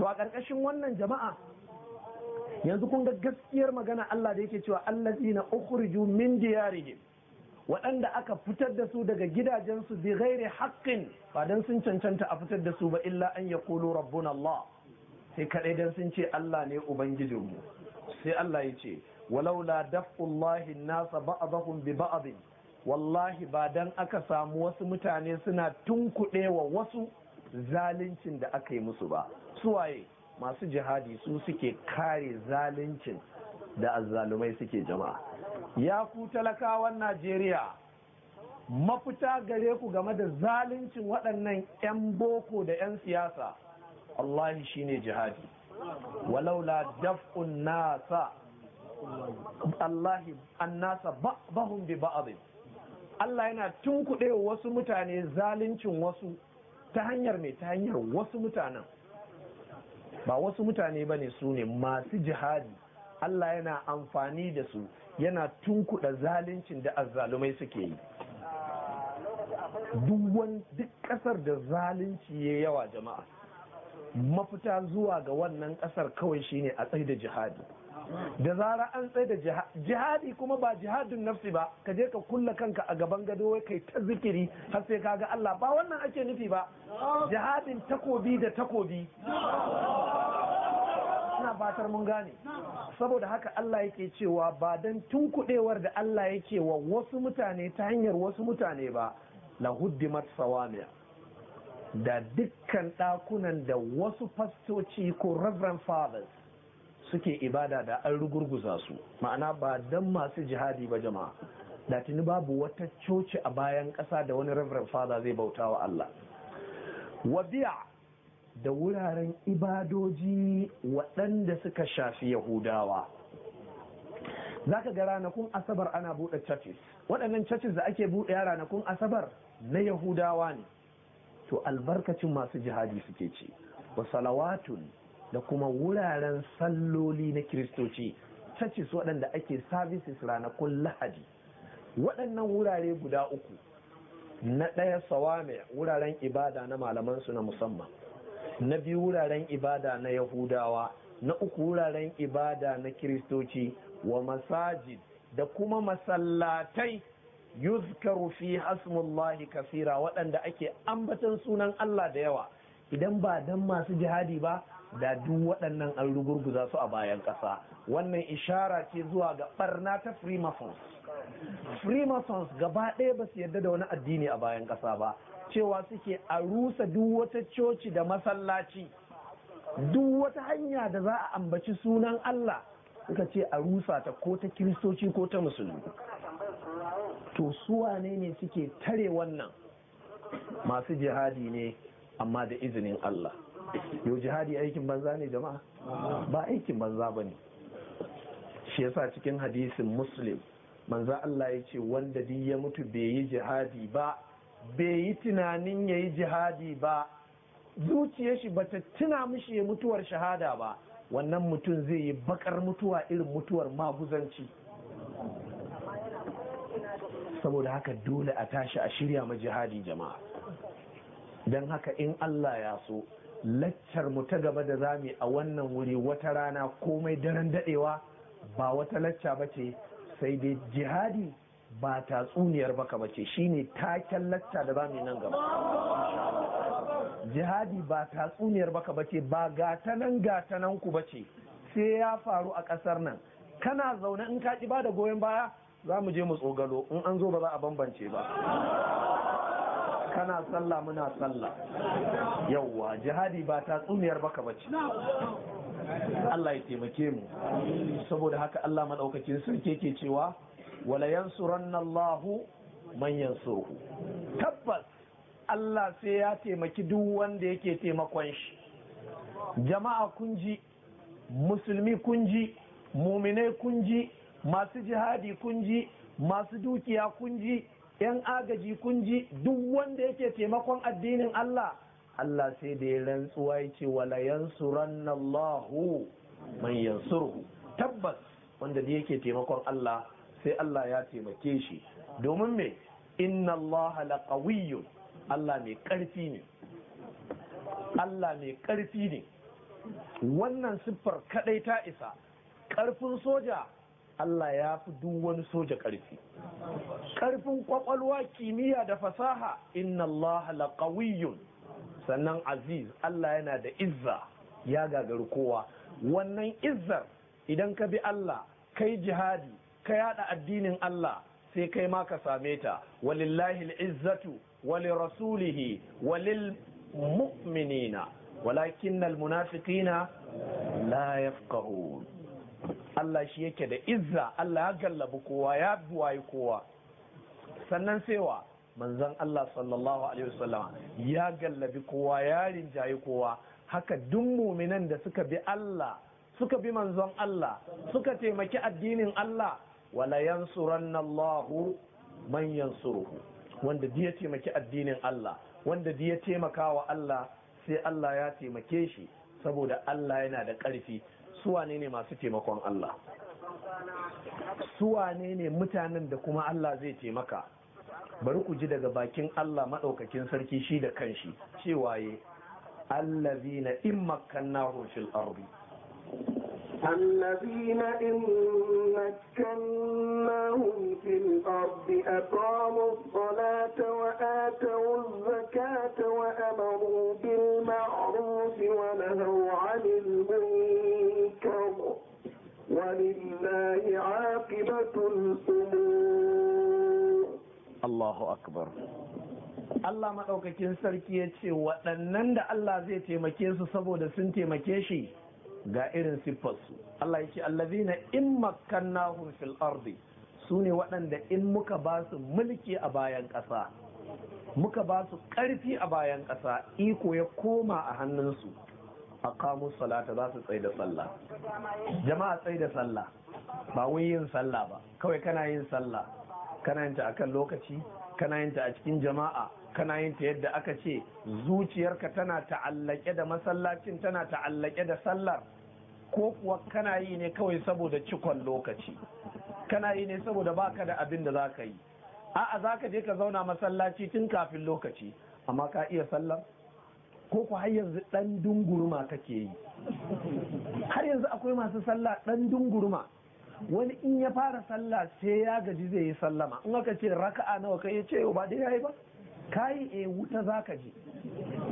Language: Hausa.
to a ƙarƙashin wannan jama'a yanzu kun ga gaskiyar magana Allah da yake cewa allazina ukhriju min diyarihim waɗanda aka fitar da su daga gidajensu bi ghairi haqqin ba dan sun cancanta a fitar da su ba illa an yaqulu rabbuna Allah sai kadai dan sun ce Allah ne mu sai Allah ya ce walaula dafullahi nasa ba'dahum bi ba'd wallahi ba dan aka samu wasu mutane suna tunkuɗewa wasu zaluncin da aka yi musu ba Su waye masu jihadi su suke kare zaluncin da azzalumai suke jama'a ya ku talakawan najeriya mafita gare ku game da zaluncin waɗannan 'yan boko da 'yan siyasa wallahi shine jihadi walaula daf'un nasa Allahi annasa bahun bi Allah yana tunkuɗe wasu mutane zaluncin wasu ta hanyar mai ta hanyar wasu mutanen ba wasu mutane ba ne su ne masu jihadi Allah yana amfani da su yana tunkuɗa zaluncin da azzalumai suke yi duk ƙasar da zalunci ya yawa jama'a mafita zuwa ga wannan ƙasar kawai shine a tsaye da jihadi da zara an tsaye da jihadi kuma ba jihadin nafsi ba ka je ka kulla kanka a gaban gado wai kai ta zikiri har sai kaga Allah ba wannan ake nufi ba jihadin takobi da takobi ina fatar mun gane saboda haka Allah yake cewa ba dan tunkuɗewar da Allah yake wa wasu mutane ta hanyar wasu mutane ba la huddimat sawami'a da dukkan ɗakunan da wasu fastoci ko reverend fathers suke ibada da an rugurguza su ma'ana ba dan masu jihadi ba jama'a da tuni babu wata coci a bayan ƙasa da wani reverend father zai bauta wa Allah biya da wuraren ibadoji waɗanda suka shafi yahudawa za ka ga ranakun asabar ana buɗe churches waɗannan churches da ake buɗe ranakun asabar na yahudawa ne to albarkacin masu jihadi suke ci. wa salawatun da kuma wuraren salloli na kiristoci churches waɗanda ake services ranakun lahadi waɗannan wurare guda uku na ɗaya sawame wuraren ibada na malamansu na musamman na biyu wuraren ibada na yahudawa na uku wuraren ibada na kiristoci wa masajid da kuma masallatai yuzkaru fi hasmullahi kasira waɗanda ake ambatan sunan Allah da yawa idan ba dan masu jihadi ba da duk waɗannan an rugurguza su a bayan ƙasa wannan ishara ce zuwa ga ɓarna ta freemasons freemasons gaba ɗaya ba su yarda da wani addini a bayan ƙasa ba cewa suke a rusa duk wata coci da masallaci duk wata hanya da za a ambaci sunan Allah suka ce a rusa ta ko ta kiristoci ko ta musulmi to su wane ne suke tare wannan masu jihadi ne amma da izinin Allah yau jihadi aikin banza ne jama'a ba aikin banza ba ne shi yasa cikin hadisin muslim manza Allah ya ce wanda duk ya mutu bai yi jihadi ba bai yi tunanin ya yi jihadi ba zuciya shi bata tuna mishi ya mutuwar shahada ba wannan mutum zai yi bakar mutuwa irin mutuwar maguzanci saboda haka dole a tashi a shirya ma jihadi jama'a don haka in Allah ya so laccar mu ta gaba da zami a wannan wuri wata rana komai daren daɗewa ba wata lacca ba ce sai dai jihadi ba tatsuniyar baka ba ce ne taken lacca da zami nan gaba jihadi ba tatsuniyar baka ba ce ba gatanan gatanan ku ba ce sai ya faru a ƙasar nan kana zaune in ka ki ba da goyon baya za mu je mu tsogalo in an zo ba za a bambance ba kana sallah muna sallah yauwa jihadi ba ta tsumiyar baka bace Allah ya taimake mu saboda haka Allah madaukakin sarki yake cewa wala yansuranna Allahu man yansuru tabbas Allah sai ya taimaki duk wanda yake taimakon shi jama'a kunji, musulmi kunji, ji muminai kun masu jihadi kunji, masu dukiya kunji. yan agaji kun duk wanda yake taimakon addinin Allah Allah sai da ya rantsuwa ya ce wala mai man yansuruhu tabbas wanda da yake taimakon Allah sai Allah ya taimake shi domin me inna Allah laqawiyyun Allah mai karfi ne Allah mai ƙarfi ne wannan siffar kaɗai ta isa ƙarfin soja Allah ya fi duk wani soja ƙarfi ƙarfin kwakwalwa kimiyya da fasaha inna Allah laqawiyyun sannan aziz Allah yana da izza ya gagari kowa wannan izzar idan ka bi Allah kai jihadi ka yada addinin Allah sai kai ma ka same ta walillahi izzatu wali rasulihi walil mu'minina walakin al munafiqina la yafqahun Allah shi yake da izza Allah ya gallabi kowa ya buwayi kowa sannan sewa manzon Allah sallallahu alaihi wasallam ya gallabi kowa ya rinjayi kowa haka duk muminan da suka bi Allah suka bi manzon Allah suka taimaki addinin Allah wala yansuranna Allahu man yansuruhu wanda duk ya taimaki addinin Allah wanda duk ya taimaka wa Allah sai Allah ya taimake shi saboda Allah yana da ƙarfi suwane ne masu taimakon Allah suwane ne mutanen da kuma Allah zai taimaka bari ku ji daga bakin Allah maɗaukakin sarki shi da kanshi cewa ye na in makkannahum fil arbi الذين إن مكناهم في الأرض أقاموا الصلاة وآتوا الزكاة وأمروا بالمعروف ونهوا عن المنكر عاقبة akbar Allah maɗaukakin sarki ya ce waɗannan da Allah zai taimake su saboda sun taimake shi ga irin siffarsu. Allah ya ce allazina in makkannahum fil ardi su ne waɗanda in muka ba su mulki a bayan ƙasa muka ba su ƙarfi a bayan ƙasa iko ya koma a hannunsu aqamu salata za su tsaye da sallah jama'a tsaye da sallah ba wai yin sallah ba kawai kana yin sallah kana yin ta akan lokaci kana yin ta a cikin jama'a kana yin ta yadda aka ce zuciyarka tana ta'allake da masallacin tana ta'allake da sallar ko kuwa kana yi ne kawai saboda cikon lokaci kana yi ne saboda baka da abin da zaka yi a'a zaka je ka zauna masallaci tun kafin lokaci amma ka iya sallar ko ku har yanzu dan dunguruma kake yi har yanzu akwai masu sallah ɗan dunguruma wani in ya fara sallah sai ya gaji zai yi sallama in aka ce raka'a nawa kai ya ce yau ba dai yayi ba kai e eh, wuta zaka je